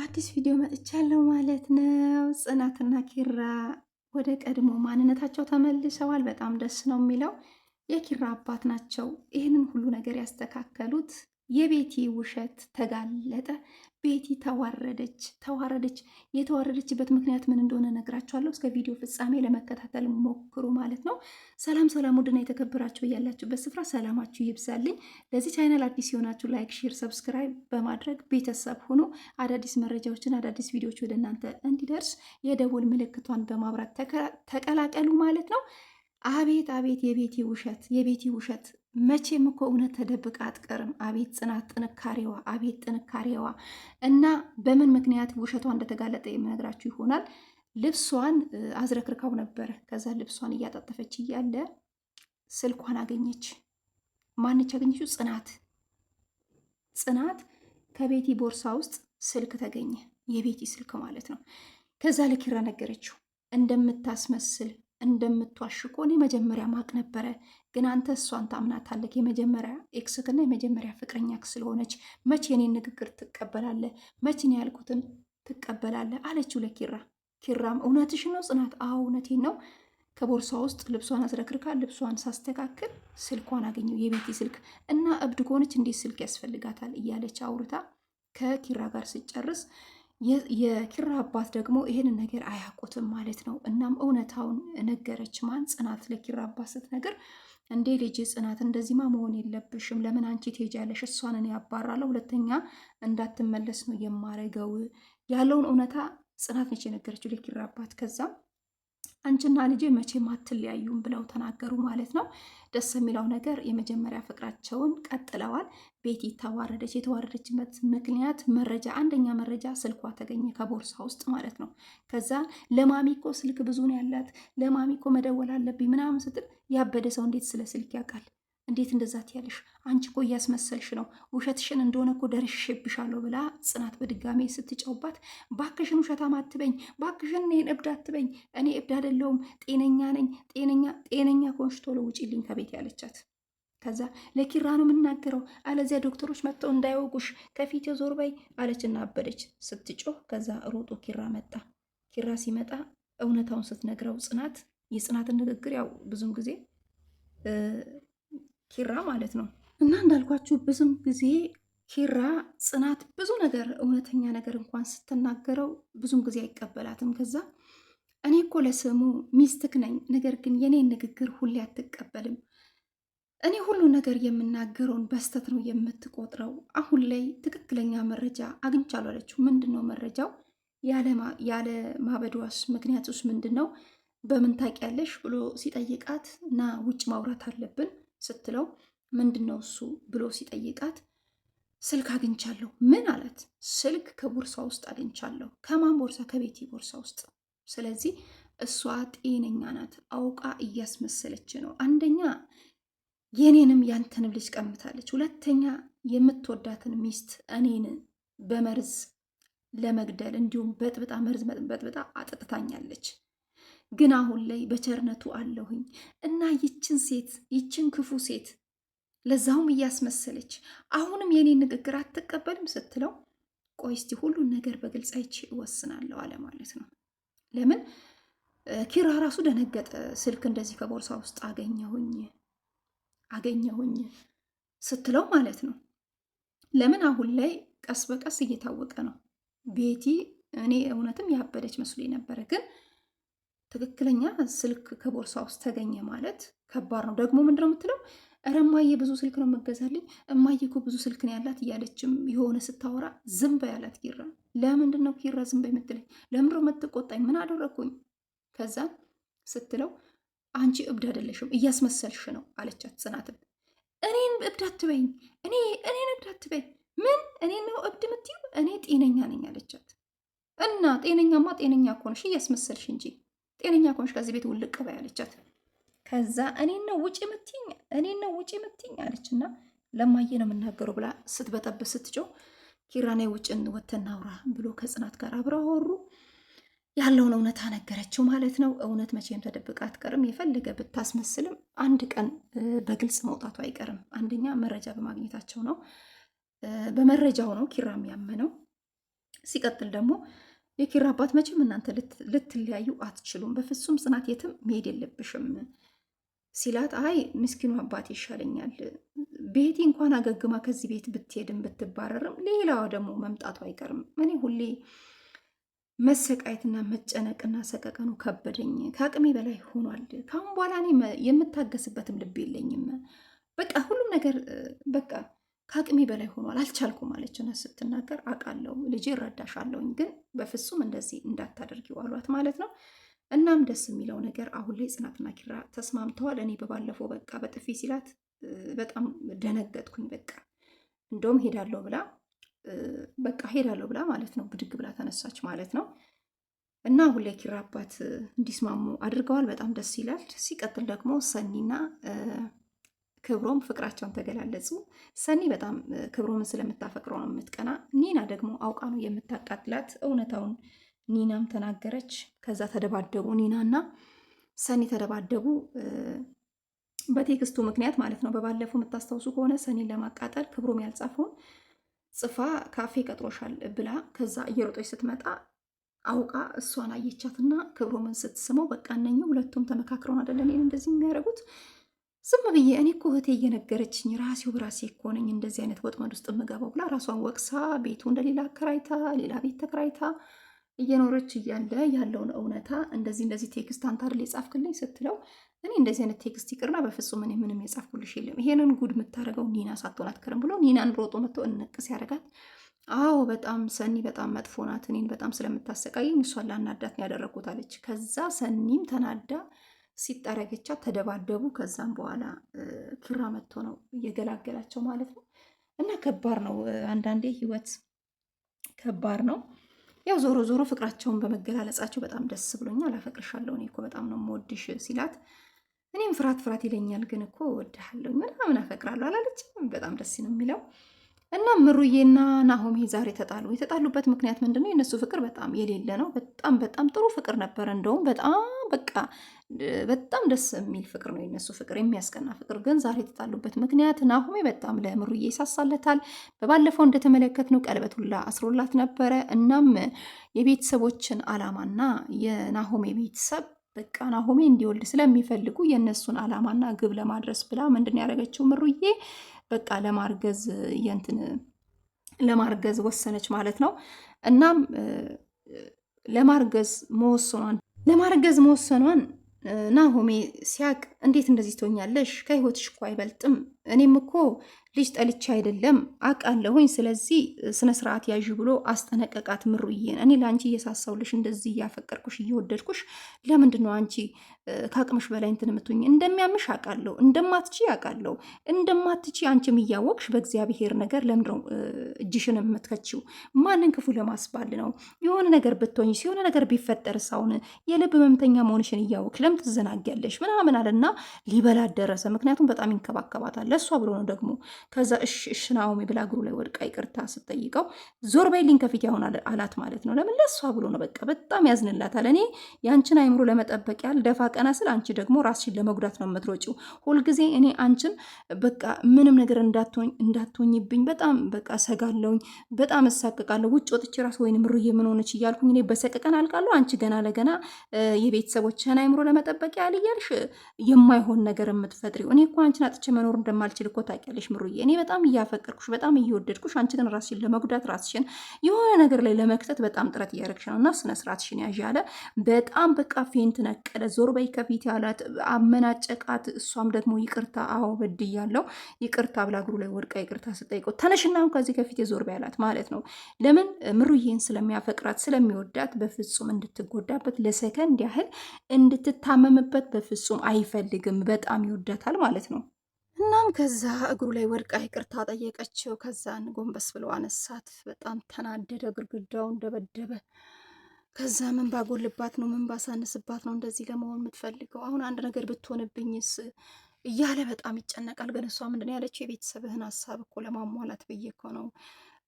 በአዲስ ቪዲዮ መጥቻለሁ ማለት ነው። ጽናትና ኪራ ወደ ቀድሞ ማንነታቸው ተመልሰዋል። በጣም ደስ ነው የሚለው የኪራ አባት ናቸው። ይህንን ሁሉ ነገር ያስተካከሉት የቤቲ ውሸት ተጋለጠ። ቤቲ ተዋረደች ተዋረደች። የተዋረደችበት ምክንያት ምን እንደሆነ ነግራችኋለሁ። እስከ ቪዲዮ ፍጻሜ ለመከታተል ሞክሩ ማለት ነው። ሰላም ሰላም፣ ውድና የተከበራችሁ እያላችሁበት ስፍራ ሰላማችሁ ይብዛልኝ። ለዚህ ቻይናል አዲስ የሆናችሁ ላይክ፣ ሼር፣ ሰብስክራይብ በማድረግ ቤተሰብ ሆኖ አዳዲስ መረጃዎችን አዳዲስ ቪዲዮዎች ወደ እናንተ እንዲደርስ የደወል ምልክቷን በማብራት ተቀላቀሉ ማለት ነው። አቤት አቤት፣ የቤቲ ውሸት የቤቲ ውሸት መቼም እኮ እውነት ተደብቃ አትቀርም። አቤት ጽናት ጥንካሬዋ፣ አቤት ጥንካሬዋ እና በምን ምክንያት ውሸቷ እንደተጋለጠ የምነግራችሁ ይሆናል። ልብሷን አዝረክርካው ነበረ። ከዛ ልብሷን እያጣጠፈች እያለ ስልኳን አገኘች። ማነች ያገኘችው? ጽናት ጽናት ከቤቲ ቦርሳ ውስጥ ስልክ ተገኘ። የቤቲ ስልክ ማለት ነው። ከዛ ለኪራ ነገረችው እንደምታስመስል እንደምትዋሽቆ እኔ መጀመሪያ ማቅ ነበረ። ግን አንተ እሷን ታምናታለህ። የመጀመሪያ ኤክስክና የመጀመሪያ ፍቅረኛ ስለሆነች መቼ እኔን ንግግር ትቀበላለህ? መቼ ነው ያልኩትን ትቀበላለህ? አለችው ለኪራ። ኪራም እውነትሽ ነው ጽናት? አዎ እውነቴ ነው። ከቦርሳ ውስጥ ልብሷን አዝረክርካ ልብሷን ሳስተካክል ስልኳን አገኘው፣ የቤቲ ስልክ እና እብድ ከሆነች እንዴት ስልክ ያስፈልጋታል? እያለች አውርታ ከኪራ ጋር ስጨርስ የኪራ አባት ደግሞ ይህንን ነገር አያውቁትም ማለት ነው። እናም እውነታውን ነገረች። ማን ጽናት ለኪራ አባት ስትነግር እንዴ ልጅ ጽናት እንደዚህማ መሆን የለብሽም። ለምን አንቺ ትሄጃለሽ? እሷን እኔ ያባራለሁ፣ ሁለተኛ እንዳትመለስ ነው የማረገው ያለውን እውነታ ጽናት ነች የነገረችው ለኪራ አባት። ከዛም አንቺና ልጄ መቼም አትለያዩም ብለው ተናገሩ ማለት ነው። ደስ የሚለው ነገር የመጀመሪያ ፍቅራቸውን ቀጥለዋል። ቤቲ ተዋረደች። የተዋረደችበት ምክንያት መረጃ፣ አንደኛ መረጃ ስልኳ ተገኘ ከቦርሳ ውስጥ ማለት ነው። ከዛ ለማሚኮ ስልክ ብዙ ነው ያላት፣ ለማሚኮ መደወል አለብኝ ምናምን ስትል ያበደ ሰው እንዴት ስለ ስልክ ያውቃል? እንዴት እንደዛት ያለሽ አንቺ እኮ እያስመሰልሽ ነው፣ ውሸትሽን እንደሆነ እኮ ደርሼብሻለሁ ብላ ጽናት በድጋሜ ስትጫውባት፣ ባክሽን ውሸታም አትበኝ፣ ባክሽን ይህን እብድ አትበኝ፣ እኔ እብድ አይደለሁም ጤነኛ ነኝ፣ ጤነኛ ጤነኛ ከሆንሽ ቶሎ ውጪልኝ ከቤት ያለቻት። ከዛ ለኪራ ነው የምናገረው፣ አለዚያ ዶክተሮች መጥተው እንዳይወጉሽ፣ ከፊት ዞር በይ አለች እና አበደች ስትጮህ። ከዛ ሮጦ ኪራ መጣ። ኪራ ሲመጣ እውነታውን ስትነግረው ጽናት የጽናትን ንግግር ያው ብዙም ጊዜ ኪራ ማለት ነው። እና እንዳልኳችሁ ብዙም ጊዜ ኪራ ጽናት ብዙ ነገር እውነተኛ ነገር እንኳን ስትናገረው ብዙም ጊዜ አይቀበላትም። ከዛ እኔ እኮ ለስሙ ሚስትክ ነኝ፣ ነገር ግን የኔ ንግግር ሁሌ አትቀበልም። እኔ ሁሉ ነገር የምናገረውን በስተት ነው የምትቆጥረው። አሁን ላይ ትክክለኛ መረጃ አግኝቻለሁ አለችው። ምንድን ነው መረጃው? ያለ ማበዷስ ምክንያቱስ ምንድን ነው? በምን ታውቂያለሽ ብሎ ሲጠይቃት እና ውጭ ማውራት አለብን ስትለው ምንድን ነው እሱ ብሎ ሲጠይቃት ስልክ አግኝቻለሁ። ምን አላት? ስልክ ከቦርሳ ውስጥ አግኝቻለሁ። ከማን ቦርሳ? ከቤቲ ቦርሳ ውስጥ። ስለዚህ እሷ ጤነኛ ናት፣ አውቃ እያስመሰለች ነው። አንደኛ የኔንም ያንተንም ልጅ ቀምታለች፣ ሁለተኛ የምትወዳትን ሚስት እኔን በመርዝ ለመግደል እንዲሁም በጥብጣ መርዝ በጥብጣ አጠጥታኛለች። ግን አሁን ላይ በቸርነቱ አለሁኝ እና ይችን ሴት ይችን ክፉ ሴት ለዛውም እያስመሰለች አሁንም የኔ ንግግር አትቀበልም ስትለው ቆይ እስቲ ሁሉን ነገር በግልጽ አይቼ እወስናለሁ አለ ማለት ነው። ለምን ኪራ ራሱ ደነገጠ። ስልክ እንደዚህ ከቦርሳ ውስጥ አገኘሁኝ አገኘሁኝ ስትለው ማለት ነው። ለምን አሁን ላይ ቀስ በቀስ እየታወቀ ነው ቤቲ እኔ እውነትም ያበደች መስሎ ነበረ ግን ትክክለኛ ስልክ ከቦርሳ ውስጥ ተገኘ ማለት ከባድ ነው። ደግሞ ምንድነው የምትለው? እረ እማዬ ብዙ ስልክ ነው የምገዛልኝ፣ እማዬ እኮ ብዙ ስልክ ነው ያላት እያለችም የሆነ ስታወራ ዝም በይ ያላት ኪራ። ለምንድን ነው ኪራ ዝም በይ የምትለኝ? ለምንድነው የምትቆጣኝ? ምን አደረግኩኝ? ከዛ ስትለው አንቺ እብድ አይደለሽም እያስመሰልሽ ነው አለቻት ጽናትም። እኔን እብድ አትበይኝ፣ እኔ እኔን እብድ አትበይኝ። ምን እኔ ነው እብድ የምትይው? እኔ ጤነኛ ነኝ አለቻት። እና ጤነኛማ ጤነኛ እኮ ነሽ እያስመሰልሽ እንጂ ጤነኛ ከሆንሽ ከዚህ ቤት ውልቅ በይ አለቻት። ከዛ እኔ ነው ውጪ የምትይኝ እኔ ነው ውጪ የምትይኝ አለችና ለማየ ነው የምናገረው ብላ ስትበጠብስ ስትጮህ ኪራኔ ውጭን ወተን አውራ ብሎ ከጽናት ጋር አብረው አወሩ። ያለውን እውነት አነገረችው ማለት ነው። እውነት መቼም ተደብቃ አትቀርም። የፈለገ ብታስመስልም አንድ ቀን በግልጽ መውጣቱ አይቀርም። አንደኛ መረጃ በማግኘታቸው ነው። በመረጃው ነው ኪራም ያመነው። ሲቀጥል ደግሞ የኪራ አባት መቼም እናንተ ልትለያዩ አትችሉም፣ በፍጹም ጽናት የትም መሄድ የለብሽም ሲላት፣ አይ ምስኪኑ አባት ይሻለኛል፣ ቤቲ እንኳን አገግማ ከዚህ ቤት ብትሄድም ብትባረርም ሌላዋ ደግሞ መምጣቱ አይቀርም። እኔ ሁሌ መሰቃየትና መጨነቅና ሰቀቀኑ ከበደኝ፣ ከአቅሜ በላይ ሆኗል። ከአሁን በኋላ እኔ የምታገስበትም ልብ የለኝም። በቃ ሁሉም ነገር በቃ ከአቅሜ በላይ ሆኗል አልቻልኩም አለች። እውነት ስትናገር አውቃለሁ ልጄ እረዳሻለሁኝ፣ ግን በፍጹም እንደዚህ እንዳታደርጊ ዋሏት ማለት ነው። እናም ደስ የሚለው ነገር አሁን ላይ ጽናትና ኪራ ተስማምተዋል። እኔ በባለፈው በቃ በጥፊ ሲላት በጣም ደነገጥኩኝ። በቃ እንደውም ሄዳለሁ ብላ በቃ ሄዳለሁ ብላ ማለት ነው ብድግ ብላ ተነሳች ማለት ነው። እና አሁን ላይ ኪራ አባት እንዲስማሙ አድርገዋል። በጣም ደስ ይላል። ሲቀጥል ደግሞ ሰኒና ክብሮም ፍቅራቸውን ተገላለጹ። ሰኒ በጣም ክብሮምን ስለምታፈቅረው ነው የምትቀና። ኒና ደግሞ አውቃ ነው የምታቃጥላት። እውነታውን ኒናም ተናገረች። ከዛ ተደባደቡ። ኒና እና ሰኒ ተደባደቡ በቴክስቱ ምክንያት ማለት ነው። በባለፈው የምታስታውሱ ከሆነ ሰኒን ለማቃጠል ክብሮም ያልጻፈውን ጽፋ ካፌ ቀጥሮሻል ብላ ከዛ እየሮጦች ስትመጣ አውቃ እሷን አየቻትና ክብሮምን ስትስመው በቃ እነኝህ ሁለቱም ተመካክረውን አይደለም ይህን እንደዚህ የሚያደርጉት ዝም ብዬ እኔ እኮ እህቴ እየነገረችኝ ራሴው ብራሴ እኮ ነኝ እንደዚህ አይነት ወጥመድ ውስጥ የምገባው ብላ ራሷን ወቅሳ ቤቱ እንደሌላ አከራይታ ሌላ ቤት ተከራይታ እየኖረች እያለ ያለውን እውነታ እንደዚህ እንደዚህ ቴክስት አንተ አይደል የጻፍክልኝ ስትለው እኔ እንደዚህ አይነት ቴክስት ይቅርና በፍጹም እኔ ምንም የጻፍኩልሽ የለም፣ ይሄንን ጉድ የምታደርገው ኒና ሳትሆን አትቀርም ብሎ ኒናን ሮጦ መጥቶ እንቅስ ያደርጋት። አዎ በጣም ሰኒ በጣም መጥፎ ናት፣ እኔን በጣም ስለምታሰቃየኝ እሷን ላናዳት ያደረግኩት አለች። ከዛ ሰኒም ተናዳ ሲጠረግቻ ተደባደቡ። ከዛም በኋላ ኪራ መጥቶ ነው እየገላገላቸው ማለት ነው። እና ከባድ ነው አንዳንዴ ህይወት ከባድ ነው። ያው ዞሮ ዞሮ ፍቅራቸውን በመገላለጻቸው በጣም ደስ ብሎኛል። አፈቅርሻለሁ፣ እኔ እኮ በጣም ነው የምወድሽ ሲላት እኔም ፍርሃት ፍርሃት ይለኛል፣ ግን እኮ እወድሃለሁ ምናምን አፈቅራለሁ አላለችም። በጣም ደስ ነው የሚለው እና ምሩዬና ናሆሜ ዛሬ ተጣሉ። የተጣሉበት ምክንያት ምንድነው? የእነሱ ፍቅር በጣም የሌለ ነው። በጣም በጣም ጥሩ ፍቅር ነበረ። እንደውም በጣም በቃ በጣም ደስ የሚል ፍቅር ነው የነሱ ፍቅር፣ የሚያስቀና ፍቅር። ግን ዛሬ የተጣሉበት ምክንያት ናሆሜ በጣም ለምሩዬ ይሳሳለታል። በባለፈው እንደተመለከትነው ቀለበት ሁላ አስሮላት ነበረ። እናም የቤተሰቦችን አላማና የናሆሜ ቤተሰብ በቃ ናሆሜ እንዲወልድ ስለሚፈልጉ የእነሱን አላማና ግብ ለማድረስ ብላ ምንድን ያደረገችው ምሩዬ በቃ ለማርገዝ የንትን ለማርገዝ ወሰነች ማለት ነው። እናም ለማርገዝ መወሰኗን ለማርገዝ መወሰኗን ናሆሜ ሲያቅ እንዴት እንደዚህ ትሆኛለሽ? ከህይወትሽ እኮ አይበልጥም እኔም እኮ ልጅ ጠልቻ አይደለም አቃለሁኝ። ስለዚህ ስነ ስርዓት ያዥ ብሎ አስጠነቀቃት። ምሩዬን እኔ ለአንቺ እየሳሳውልሽ እንደዚህ እያፈቀርኩሽ እየወደድኩሽ ለምንድን ነው አንቺ ከአቅምሽ በላይ እንትን የምትሆኝ? እንደሚያምሽ አቃለሁ፣ እንደማትቺ አቃለሁ። እንደማትቺ አንቺም እያወቅሽ በእግዚአብሔር ነገር ለምንድን ነው እጅሽን የምትከችው? ማንን ክፉ ለማስባል ነው? የሆነ ነገር ብትሆኝ ሲሆነ ነገር ቢፈጠር ሳውን የልብ መምተኛ መሆንሽን እያወቅሽ ለምን ትዘናጊያለሽ? ምናምን አለና ሊበላት ደረሰ። ምክንያቱም በጣም ይንከባከባታል ለሱ አብሮ ነው ደግሞ። ከዛ እሽ ናኦሚ ብላ እግሩ ላይ ወድቃ ይቅርታ ስጠይቀው ዞር በይልኝ ከፊት ያሁን አላት ማለት ነው። ለምን ለሱ አብሮ ነው በቃ በጣም ያዝንላታል። እኔ የአንችን አይምሮ ለመጠበቅ ያህል ደፋ ቀና ስል፣ አንቺ ደግሞ ራስሽን ለመጉዳት ነው የምትሮጪው ሁልጊዜ። እኔ አንችን በቃ ምንም ነገር እንዳትሆኝብኝ በጣም በቃ ሰጋለውኝ፣ በጣም እሳቀቃለሁ። ውጭ ወጥቼ ራስ ወይንም ምሩ ምን ሆነች እያልኩኝ እኔ በሰቀቀን አልቃለሁ። አንቺ ገና ለገና የቤተሰቦችህን አይምሮ ለመጠበቅ ያህል እያልሽ የማይሆን ነገር የምትፈጥሪው እኔ እኮ አንቺን አጥቼ መኖር እንደ እንደማልችል እኮ ታውቂያለሽ ምሩዬ። እኔ በጣም እያፈቀርኩሽ በጣም እየወደድኩሽ፣ አንቺን ራስሽን ለመጉዳት ራስሽን የሆነ ነገር ላይ ለመክተት በጣም ጥረት እያደረግሽ ነው እና ስነ ስርዓትሽን ያዥ አለ። በጣም በቃ ፌንት ነቀለ። ዞር በይ ከፊት ያላት አመናጨቃት። እሷም ደግሞ ይቅርታ አዎ በድያለሁ ይቅርታ ብላ እግሩ ላይ ወድቃ ይቅርታ ስጠይቀው ተነሽና ከዚህ ከፊት የዞር በይ አላት ማለት ነው። ለምን ምሩዬን ስለሚያፈቅራት ስለሚወዳት በፍጹም እንድትጎዳበት ለሰከንድ ያህል እንድትታመምበት በፍጹም አይፈልግም። በጣም ይወዳታል ማለት ነው። እናም ከዛ እግሩ ላይ ወድቃ ይቅርታ ጠየቀችው። ከዛን ጎንበስ ብሎ አነሳት። በጣም ተናደደ፣ ግድግዳውን ደበደበ። ከዛ ምን ባጎልባት ነው ምን ባሳንስባት ነው እንደዚህ ለመሆን የምትፈልገው? አሁን አንድ ነገር ብትሆንብኝስ እያለ በጣም ይጨነቃል። ግን እሷ ምንድን ያለችው የቤተሰብህን ሀሳብ እኮ ለማሟላት ብዬ እኮ ነው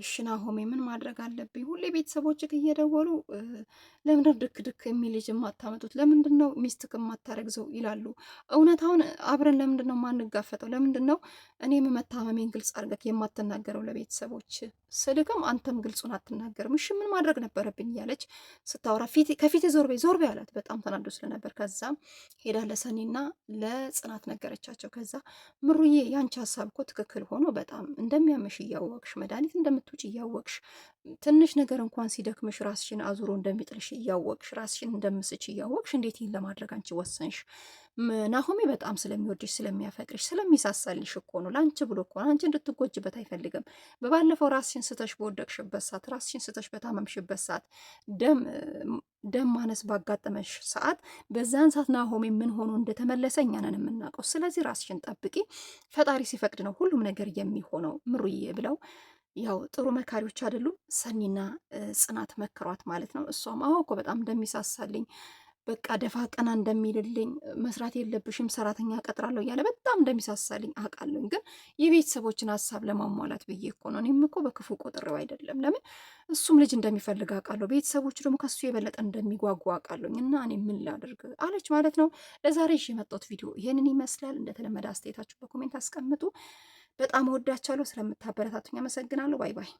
እሺ ናሆሜ ምን ማድረግ አለብኝ? ሁሌ ቤተሰቦችህ እየደወሉ ለምንድን ድክ ድክ የሚል ልጅ የማታመጡት ለምንድን ነው ሚስትክ የማታረግዘው ይላሉ። እውነታውን አብረን ለምንድን ነው የማንጋፈጠው? ለምንድን ነው እኔም መታመሜን ግልጽ አድርገህ የማትናገረው ለቤተሰቦች ስልክም አንተም ግልጹን አትናገርም? እሺ ምን ማድረግ ነበረብኝ? እያለች ስታወራ ከፊት ዞር በይ ዞር በይ አላት። በጣም ተናዶ ስለነበር ከዛ ሄዳ ለሰኔና ለጽናት ነገረቻቸው። ከዛ ምሩዬ ያንቺ ሀሳብ እኮ ትክክል ሆኖ በጣም እንደሚያመሽ እያወቅሽ መድኃኒት እንደም እንደምትውጭ እያወቅሽ ትንሽ ነገር እንኳን ሲደክምሽ ራስሽን አዙሮ እንደሚጥልሽ እያወቅሽ ራስሽን እንደምስች እያወቅሽ እንዴት ይህን ለማድረግ አንቺ ወሰንሽ? ናሆሜ በጣም ስለሚወድሽ ስለሚያፈቅርሽ ስለሚሳሳልሽ እኮ ነው። ለአንቺ ብሎ እኮ አንቺ እንድትጎጅበት አይፈልግም። በባለፈው ራስሽን ስተሽ በወደቅሽበት ሰዓት፣ ራስሽን ስተሽ በታመምሽበት ሰዓት፣ ደም ማነስ ባጋጠመሽ ሰዓት፣ በዛን ሰዓት ናሆሜ ምን ሆኖ እንደተመለሰ እኛ ነን የምናውቀው። ስለዚህ ራስሽን ጠብቂ። ፈጣሪ ሲፈቅድ ነው ሁሉም ነገር የሚሆነው ምሩዬ ብለው ያው ጥሩ መካሪዎች አይደሉም። ሰኒና ጽናት መከሯት ማለት ነው። እሷም አሁ እኮ በጣም እንደሚሳሳልኝ በቃ ደፋ ቀና እንደሚልልኝ መስራት የለብሽም ሰራተኛ ቀጥራለሁ እያለ በጣም እንደሚሳሳልኝ አውቃለሁ። ግን የቤተሰቦችን ሀሳብ ለማሟላት ብዬ እኮ ነው። እኔም እኮ በክፉ ቆጥሬው አይደለም። ለምን እሱም ልጅ እንደሚፈልግ አውቃለሁ። ቤተሰቦቹ ደግሞ ከሱ የበለጠ እንደሚጓጉ አውቃለሁኝ። እና እኔ ምን ላድርግ አለች ማለት ነው። ለዛሬ የመጣሁት ቪዲዮ ይህንን ይመስላል። እንደተለመደ አስተያየታችሁ በኮሜንት አስቀምጡ። በጣም ወዳቻለሁ። ስለምታበረታቱኝ አመሰግናለሁ። ባይ ባይ።